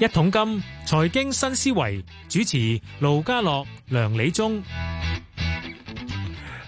一桶金財經新思維，主持盧家樂、梁理中，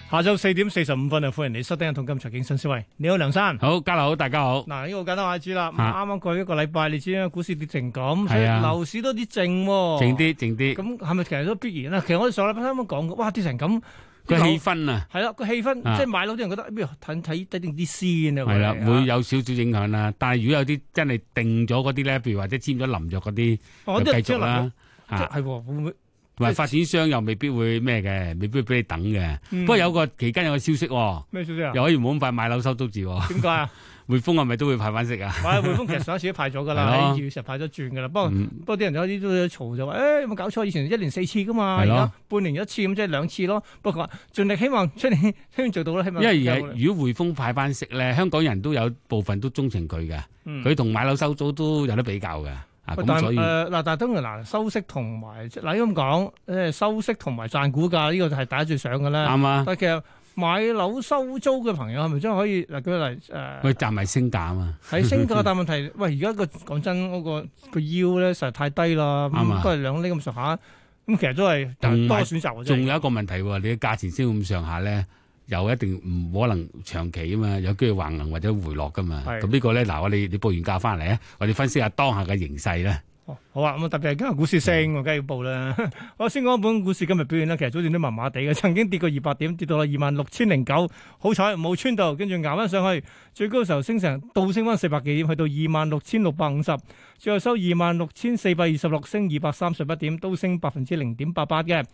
下晝四點四十五分就歡迎你收聽一桶金財經新思維。你好，梁生，好家樂，好，大家好。嗱，呢個簡單下知啦。啱啱過去一個禮拜，你知啦，股市跌成咁，樓市都啲靜，靜啲，靜啲。咁係咪其實都必然咧？其實我哋上禮拜啱啱講過，哇，跌成咁。個氣氛啊，係啦，個氣氛即係買樓啲人覺得，睇睇睇定啲先啊。係啦，會有少少影響啦。但係如果有啲真係定咗嗰啲咧，譬如或者簽咗林約嗰啲，就繼續啦。吓係會唔會？同發展商又未必會咩嘅，未必會俾你等嘅。不過有個期間有個消息，咩消息啊？又可以咁快買樓收租字？點解啊？匯豐係咪都會派翻息啊？係匯豐其實上一次都派咗噶啦， 哦、但二月十派咗轉噶啦。不過、嗯、不過啲人有啲都嘈就話，誒有冇搞錯？以前一年四次噶嘛，而家、哦、半年一次咁即係兩次咯。不過話盡力希望出年希望做到啦。因為如果匯豐派翻息咧，香港人都有部分都鍾情佢嘅，佢同、嗯、買樓收租都有得比較嘅。咁所以嗱、呃，但係當然，嗱，收息同埋嗱咁講，誒收息同埋賺股價呢、這個係大家最想嘅啦。啱啊。買樓收租嘅朋友係咪真係可以嗱？舉例，誒，佢賺埋升價啊嘛，喺升價，但問題 喂，而家、嗰個講真嗰個個腰咧，實在太低啦，咁都係兩厘咁上下，咁其實都係多選擇。仲有一個問題、啊，你嘅價錢先咁上下咧，又一定唔可能長期啊嘛，有機會橫行或者回落噶嘛。咁的呢個咧，嗱，我你你報完價翻嚟啊，我哋分析下當下嘅形勢啦。哦、好啊，咁啊特別係今日股市升，我梗係要報啦。我、嗯、 先講本股市今日表現啦，其實早段都麻麻地嘅，曾經跌過二百點，跌到啦二萬六千零九，好彩冇穿到，跟住巖翻上去，最高時候升成倒升翻四百幾點，去到二萬六千六百五十，最後收二萬六千四百二十六，升二百三十一點，都升百分之零點八八嘅。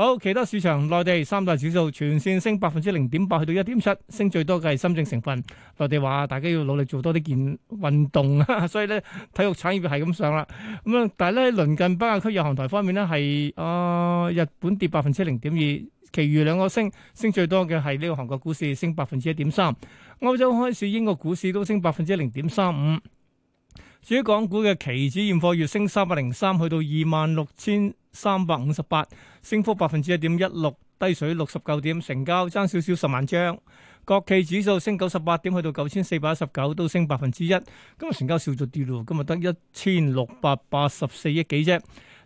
好，其他市場，內地三大指數全線升百分之零點八，去到一點七，升最多嘅係深證成分。內地話，大家要努力做多啲健運動啊，所以咧，體育產業係咁上啦。咁啊，但係咧，鄰近北亞區日韓台方面咧，係、哦、啊日本跌百分之零點二，其餘兩個升，升最多嘅係呢個韓國股市升百分之一點三。歐洲開市，英國股市都升百分之零點三五。至於港股嘅期指現貨，月升三百零三，去到二萬六千三百五十八，8，升幅百分之一點一六，低水六十九點，成交爭少少十萬張。國企指數升九十八點，去到九千四百一十九，都升百分之一，今日成交少咗啲咯，今日得一千六百八十四億幾啫。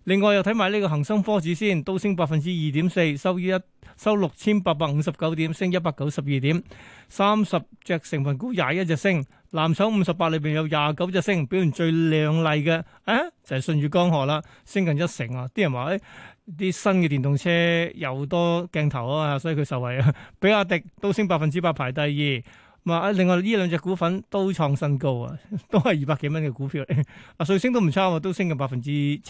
另外又睇埋呢個恒生科指先，都升百分之二點四，收於一。收六千八百五十九點，升一百九十二點，三十隻成分股廿一隻升，藍籌五十八裡邊有廿九隻升，表現最亮麗嘅，誒、啊、就係信越江河啦，升近一成啊，啲人話啲、欸、新嘅電動車又多鏡頭啊嘛，所以佢受惠啊，比亞迪都升百分之八，排第二。啊！另外呢兩隻股份都創新高啊，都係二百幾蚊嘅股票嚟。啊，瑞星都唔差喎，都升近百分之七。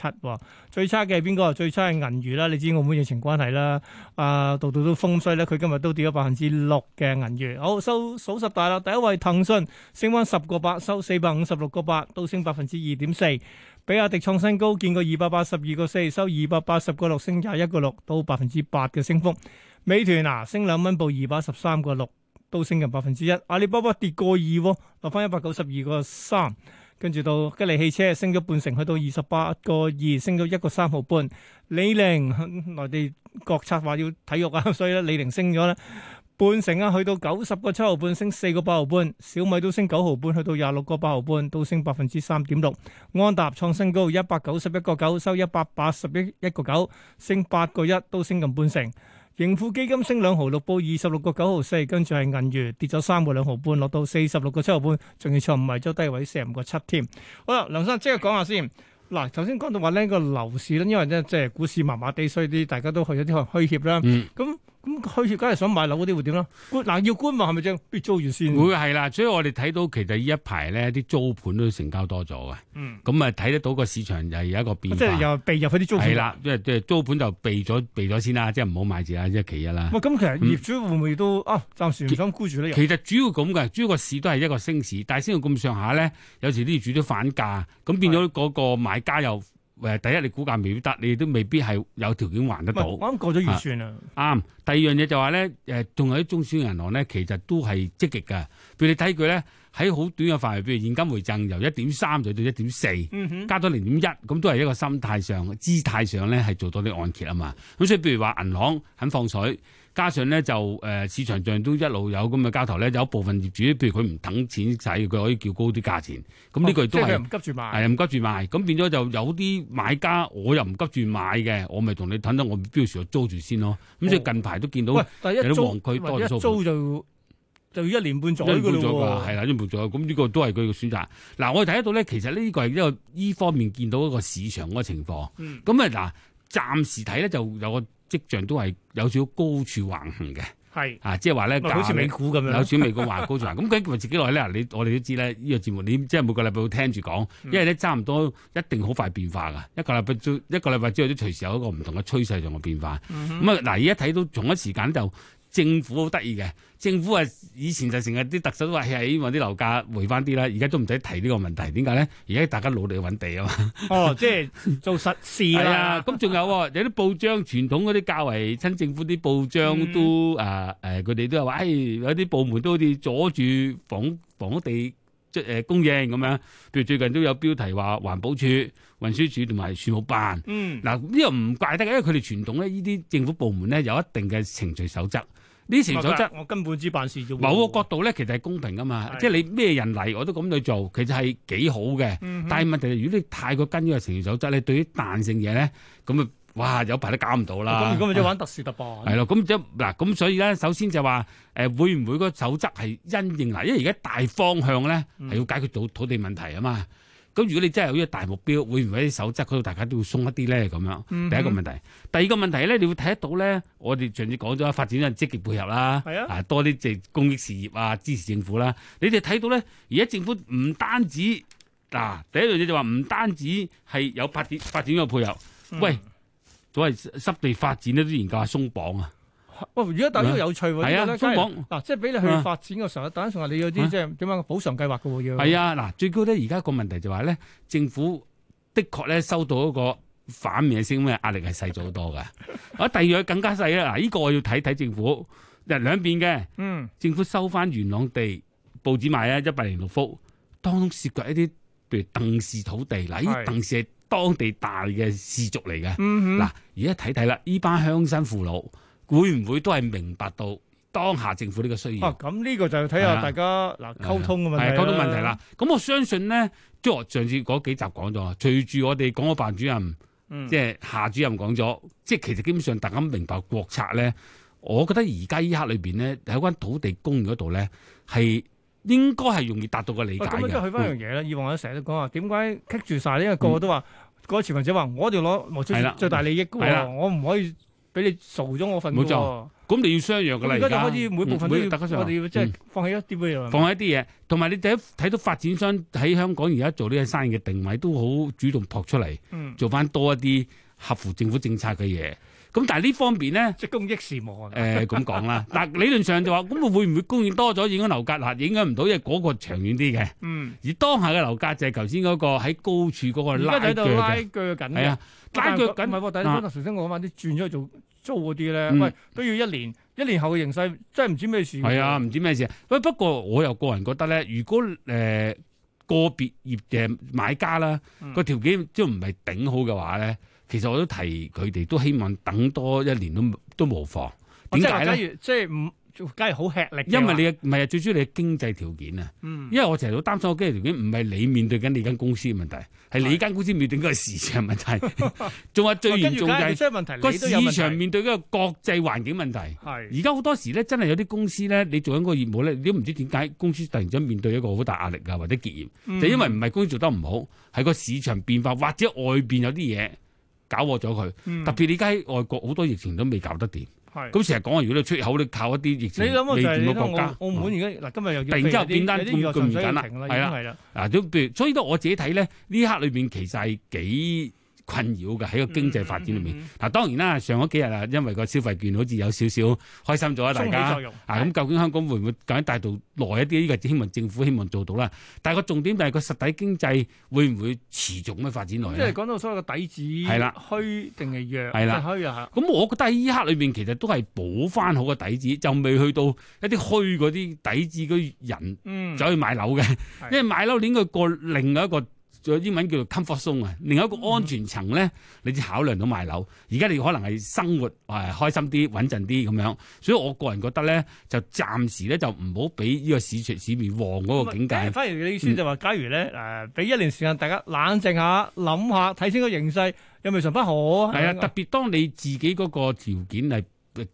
最差嘅係邊個？最差係銀娛啦，你知道澳門疫情關係啦，啊，度度都風衰咧。佢今日都跌咗百分之六嘅銀娛。好收數十大啦，第一位騰訊升翻十個八，收四百五十六個八，都升百分之二點四。比亞迪創新高，見過二百八十二個四，收二百八十個六，升廿一個六，到百分之八嘅升幅。美團啊，升兩蚊，報二百十三個六。都升近百分之一，阿里巴巴跌個二、哦，落翻一百九十二個三，跟住到吉利汽車升咗半成，去到二十八個二，升咗一個三毫半。李寧，內地國策話要體育啊，所以咧李寧升咗咧半成啊，去到九十個七毫半，升四個八毫半。小米都升九毫半，去到廿六個八毫半，都升百分之三點六。安踏創新高一百九十一個九，收一百八十一個九，升八個一，都升近半成。盈富基金升兩毫六94，報二十六個九毫四，跟住係銀娛，跌咗三個兩毫半，落到四十六個七毫半，仲要創埋咗低位四十五個七添。好啦，梁生即係講下先嗱頭先講到話呢個樓市咧，因為咧即係股市麻麻地，所以啲大家都去咗啲虛協啦。咁、嗯咁去住，梗係想買樓嗰啲會點咯？嗱，要觀望係咪先？是不如租完先。會係啦，所以我哋睇到其實呢一排咧，啲租盤都成交多咗嘅。咁啊、嗯，睇得到個市場係有一個變化。即係又避入嗰啲租盤。係啦，即係即係租盤就避咗避咗先啦，即係唔好買住啦，即係期一啦。咁其實業主會唔會都、嗯、啊暫時唔想沽住呢？其，其實主要咁嘅，主要個市都係一個升市，但係先到咁上下咧，有時啲業主都反價，咁變咗嗰個買家又。誒第一，你估價未必得，你都未必係有條件還得到。啱過咗預算啊！啱。第二樣嘢就話咧，誒仲有啲中小銀行咧，其實都係積極嘅。譬如你睇佢咧，喺好短嘅範圍，譬如現金回贈由一點三就到一點四，加多零點一，咁都係一個心態上、姿態上咧係做到啲按揭啊嘛。咁所以譬如話銀行肯放水。加上咧就誒、呃、市場上都一路有咁嘅交投咧，有一部分業主，譬如佢唔等錢使，佢可以叫高啲價錢。咁呢個亦都係係唔急住賣。咁變咗就有啲買家，我又唔急住買嘅，我咪同你等等，我標住租住先咯。咁、哦、所以近排都見到第一租多一租就就一年半載㗎啦，係啦一年半載。咁呢個都係佢嘅選擇。嗱，我睇得到咧，其實呢個係一個依方面見到一個市場嗰個情況。嗯。咁啊嗱。暫時睇咧就有個跡象都係有少少高處橫行嘅，係是啊，即係話咧，好似美股咁樣，有少少美股高處橫高咗。咁佢維持幾耐咧？你、嗯、我哋都知咧，呢個節目你即係每個禮拜都聽住講，因為咧差唔多一定好快變化噶，一個禮拜一一個禮拜之後都隨時有一個唔同嘅趨勢上嘅變化。咁啊、嗯哼，嗱、嗯，而家睇到同一時間就。政府好得意嘅，政府啊以前就成日啲特首都話，唉，希望啲樓價回翻啲啦。而家都唔使提呢個問題，點解咧？而家大家努力揾地啊嘛。哦，即、就、係、是、做實事。係啊、 哎，咁仲有有啲報章，傳統嗰啲較為親政府啲報章都、嗯、啊誒，佢哋都有話、哎，有啲部門都好似阻住房房屋地即係供應咁樣。譬如最近都有標題話，環保署、運輸署同埋樹木辦。嗯，嗱呢個唔怪得因為佢哋傳統咧，呢啲政府部門咧有一定嘅程序守則。呢啲程序守則，我根本知辦事啫。某個角度咧，其實係公平噶嘛，是的即係你咩人嚟我都咁去做，其實係幾好嘅。嗯、哼但係問題係，如果你太過跟於程序守則，你對於彈性嘢咧，咁啊，哇，有排都搞唔到啦。咁如果咪就玩特事特辦。係咯，咁即嗱，咁所以咧，首先就話誒，會唔會嗰個守則係因應嚟？因為而家大方向咧係要解決土土地問題啊嘛。嗯咁如果你真係有呢個大目標，會唔會喺啲守則嗰度大家都會鬆一啲咧？咁樣，第一個問題，第二個問題咧，你會睇得到咧。我哋上次講咗發展，積極配合啦，係啊啊多啲即係公益事業啊，支持政府啦、啊。你哋睇到咧，而家政府唔單止嗱、啊，第一樣嘢就話唔單止係有發展發展嘅配合，喂，所謂濕地發展呢啲研究係鬆綁啊。哇！如果大係呢個有趣喎，香港嗱，在在嗎即係俾你去發展嘅時候，是嗎大家仲話你要有啲即係點樣？嗎補償計劃嘅喎要。係啊嗎，嗱，嗎最高咧而家個問題就話、是、咧，政府的確咧收到一個反面嘅聲咩壓力係細咗好多嘅。啊， 第二樣更加細啦，嗱，呢個我要睇睇政府嗱兩邊嘅。嗯，政府收翻元朗地報紙賣啊，一百零六幅，當中涉及一啲譬如鄧氏土地嗱，依是鄧氏係當地大嘅氏族嚟嘅。嗱、嗯哼，而家睇睇啦，依班鄉親父老。會唔會都係明白到當下政府呢個需要？咁呢個就睇下大家嗱溝通嘅問題。係、啊啊、溝通嘅問題啦。咁、嗯、我相信咧，即係我上次嗰幾集講咗啊，隨住我哋港澳辦主任，即係夏主任講咗，即係其實基本上大家明白國策咧。我覺得而家依刻裏邊咧，喺關土地公嗰度咧，係應該係容易達到個理解咁樣即係去翻樣嘢咧。以往我成日都講話，點解棘住晒、這、呢、個、因為個個都話，嗰啲持份者話，我哋攞最大利益嘅，啊、我唔可以。俾你掃咗我份冇錯，咁你要相讓嘅啦。而家就開始每部分都要我哋要即係放棄一啲嘅嘢，嗯、是是放棄一啲嘢。同埋你第一睇到發展商喺香港而家做呢啲生意嘅定位都好主動撲出嚟，嗯、做翻多一啲合乎政府政策嘅嘢。咁但係呢方面咧，即係公益事務誒咁講啦。但理論上就話，咁會會唔會供應多咗影響樓價？啦影響唔到嘅嗰個長遠啲嘅。嗯。而當下嘅樓價就係頭先嗰個喺高處嗰個拉鋸嘅。拉鋸緊嘅。係啊，拉鋸緊咪我第係啲工人隨身講啲轉咗去做租嗰啲咧。喂，都要一年，一年後嘅形勢真係唔知咩事。係啊，唔知咩事。喂，不過我又個人覺得咧，如果個別業嘅買家啦個條件即係唔係頂好嘅話咧。其實我都提佢哋都希望等多一年都都無妨，點解咧？即係唔，梗係好吃力。因為你唔係最主要，你經濟條件啊。嗯、因為我成日都擔心，我經濟條件唔係你面對緊你間公司嘅問題，係、嗯、你間公司面對緊個市場問題。仲 有最嚴重、哦、就係即問題，你問題市場面對緊個國際環境問題。係而家好多時咧，真係有啲公司咧，你做緊嗰個業務咧，你都唔知點解公司突然之間面對一個好大壓力㗎，或者結業，嗯、就因為唔係公司做得唔好，係個市場變化，或者外邊有啲嘢。搞錯咗佢，特別你而家喺外國好多疫情都未搞得掂，咁成日講話如果你出口你靠一啲疫情未掂嘅國家，澳門而家嗱今日又突然之間變得，咁唔緊啦，係啦，嗱都譬如，所以都我自己睇咧，呢一刻裏邊其實係幾。困擾嘅喺個經濟發展裏面，嗱、嗯嗯嗯、當然啦，上嗰幾日啊，因為個消費券好似有少少開心咗，大家作用啊，咁的、嗯、究竟香港會唔會更加帶到耐一啲？呢、這個希望政府希望做到啦。但係個重點就係個實體經濟會唔會持續咁樣發展落去？即係講到所謂個底子係啦，的的虛定係弱係啦，虛啊嚇。咁我覺得喺依刻裏面其實都係補翻好個底子，就未去到一啲虛嗰啲底子嗰人走、嗯、去買樓嘅，的因為買樓應該過另外一個。仲有英文叫做 comfort zone 啊，另一個安全層咧，你只考慮到買樓。而家你可能係生活誒開心啲、穩陣啲咁樣，所以我個人覺得咧，就暫時咧就唔好俾呢個市場市面旺嗰個境界。反而、嗯、你先就話，假如咧誒俾一年時間大家冷靜下，諗下睇清個形勢，又未嘗不可？係啊，特別當你自己嗰個條件係。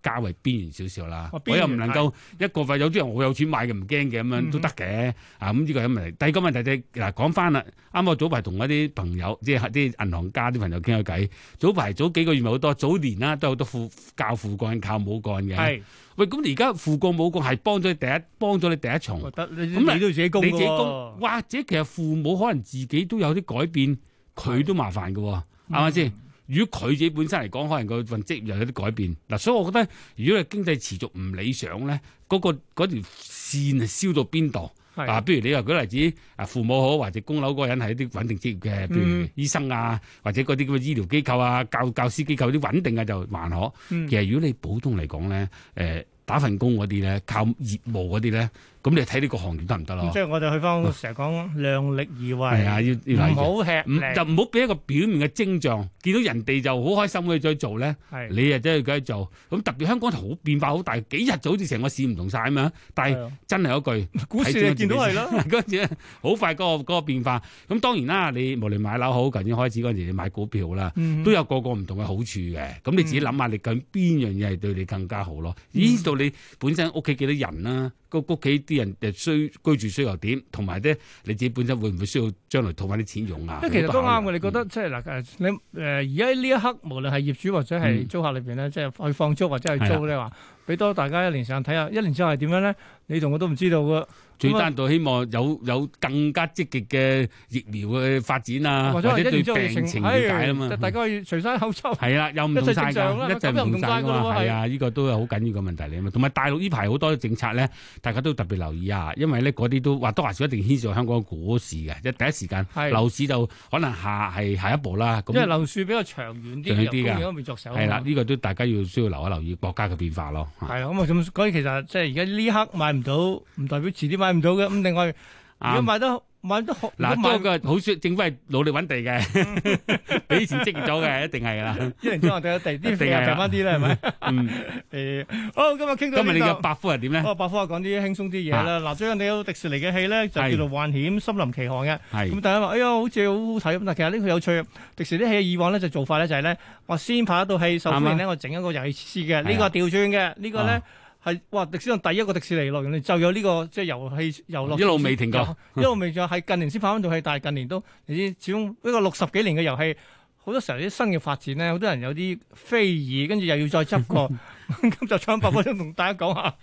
加為邊緣少少啦，哦、我又唔能夠一個話有啲人我有錢買嘅唔驚嘅咁樣都得嘅。嗯、哼啊咁呢、這個咁嘅問題。第二個問題咧，嗱講翻啦，啱啱我早排同一啲朋友，即係啲銀行家啲朋友傾咗偈。早排早幾個月咪好多，早年啦、啊、都有好多富教父幹靠母幹嘅。係是喂，咁而家父幹母幹係幫咗你第一，幫咗你第一重。得、哦、你都那要自己供嘅，或者其實父母可能自己都有啲改變，佢是都麻煩嘅，啱啱先？是如果佢自己本身嚟講，可能個份職業又有啲改變嗱、啊，所以我覺得如果係經濟持續唔理想咧，嗰、那個嗰條線係燒到邊度的啊？譬如你話舉例子，啊父母好或者供樓嗰個人係一啲穩定職業嘅，譬、嗯、如醫生啊，或者嗰啲咁嘅醫療機構啊、教教師機構啲穩定嘅就還可。嗯、其實如果你普通嚟講咧，誒、呃、打份工嗰啲咧，靠業務嗰啲咧。咁你睇呢個行業得唔得咯？即係我哋去翻，成日講量力而為，唔好、啊、吃力就唔好俾一個表面嘅徵象，見到人哋就好開心去再做咧。係你啊，真係咁做。咁是特別香港好變化好大，幾日就好似成個市唔同晒咁樣。但係真係有句，股市、啊、見到係咯陣時，好快、個、個變化。咁當然啦，你無論買樓好，近啲開始嗰陣時你買股票啦，嗯、都有一個一個唔同嘅好處嘅。咁你自己諗下，你究竟邊樣嘢係對你更加好咯？依到、嗯、你本身屋企幾多人啦、啊？個屋企啲人誒需居住需求又點，同埋咧你自己本身會唔會需要將來套翻啲錢用啊？即係其實都啱，我哋覺得即係嗱誒，你誒而家呢一刻，無論係業主或者係租客裏邊咧，嗯、即係去放租或者去租咧話。俾多大家一年時間睇下，一年之後係點樣咧？你同我都唔知道㗎。最單獨希望有有更加積極嘅疫苗嘅發展啊，或者係病情嘅疫情解啊嘛。大家要除曬口罩。係啦，又唔同曬㗎，一陣唔同曬㗎，係啊，呢個都係好緊要嘅問題嚟啊嘛。同埋大陸呢排好多政策咧，大家都特別留意啊，因為咧嗰啲都話多話少一定牽涉香港股市嘅，即第一時間樓市就可能下係下一步啦。咁因為樓市比較長遠啲，又當然係啦，呢個都大家要需要留一留意國家嘅變化咯。係啊，咁啊咁，所以其實即係而家呢刻買唔到，唔代表遲啲買唔到嘅。咁另外，如果買得，買都好，嗱，買個好說，政府係努力揾地嘅，比以前積極咗嘅，一定係啦，一年之內地啲嘢強翻啲啦，係咪？嗯，誒，好，今日傾到呢度。今日你嘅白夫係點咧？我白夫啊，講啲輕鬆啲嘢啦。嗱，最近睇到迪士尼嘅戲咧，就叫做《幻險森林奇航》嘅。係。咁大家話，哎呀，好似好好睇。咁但係其實呢個有趣，迪士尼啲戲以往咧就做法咧就係咧，我先拍一套戲，手邊咧我整一個遊戲設施嘅。呢個調轉嘅，呢個咧。係哇！歷史上第一個迪士尼樂園就有呢、這個即係、就是、遊戲遊樂，一路未停過，由嗯、一路未仲係近年先翻返做戲，但係近年都你知，始終呢個六十幾年嘅遊戲，好多時候啲新嘅發展咧，好多人有啲非議，跟住又要再執過，咁就《財百科》想同大家講下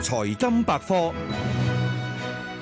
《 財金百科》。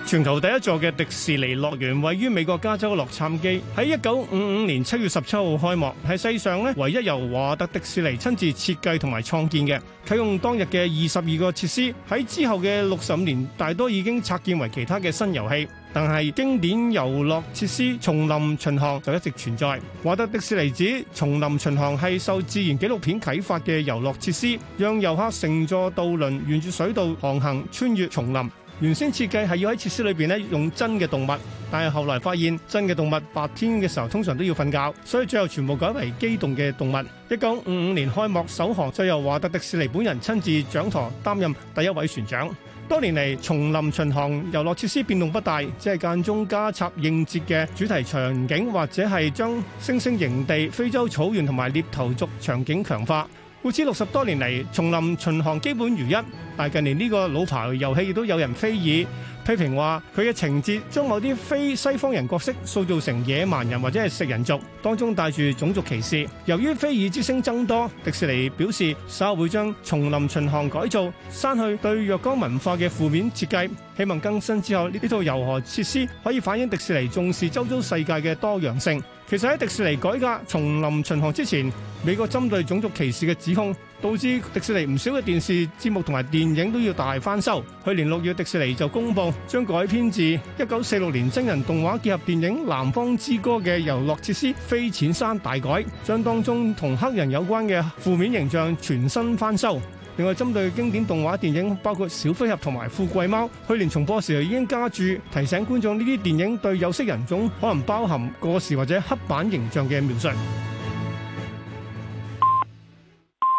全球第一座嘅迪士尼樂園位於美國加州洛杉磯，喺一九五五年七月十七號開幕，係世上咧，唯一由華特迪士尼親自設計同埋創建嘅。啟用當日嘅二十二個設施，喺之後嘅六十五年大多已經拆建為其他嘅新遊戲。但係經典遊樂設施《叢林巡航》就一直存在。華特迪士尼指《叢林巡航》係受自然紀錄片啟發嘅遊樂設施，讓遊客乘坐渡輪沿住水道航行，穿越叢林。原先設計係要喺設施裏面咧用真嘅動物，但係後來發現真嘅動物白天嘅時候通常都要瞓覺，所以最後全部改為機動嘅動物。1955年開幕首航，就由華特迪士尼本人親自掌舵擔任第一位船長。多年嚟，叢林巡航遊樂設施變動不大，只係間中加插應節嘅主題場景，或者係將猩猩營地、非洲草原同埋獵頭族場景強化。故此六十多年嚟，叢林巡航基本如一，但近年呢個老牌遊戲亦都有人非議批評話，佢嘅情節將某啲非西方人角色塑造成野蠻人或者係食人族，當中帶住種族歧視。由於非議之聲增多，迪士尼表示稍後會將叢林巡航改造，刪去對若干文化嘅負面設計，希望更新之後呢套遊河設施可以反映迪士尼重視周遭世界嘅多樣性。其實喺迪士尼改革叢林巡航之前，美國針對種族歧視嘅指控，導致迪士尼唔少嘅電視節目同埋電影都要大翻修。去年六月，迪士尼就公布將改編自一九四六年真人動畫結合電影《南方之歌》嘅遊樂設施飛濺山大改，將當中同黑人有關嘅負面形象全新翻修。另外，針對經典動畫電影，包括《小飛俠》同埋《富貴貓》，去年重播時已經加注提醒觀眾，呢啲電影對有色人種可能包含過時或者刻板形象嘅描述。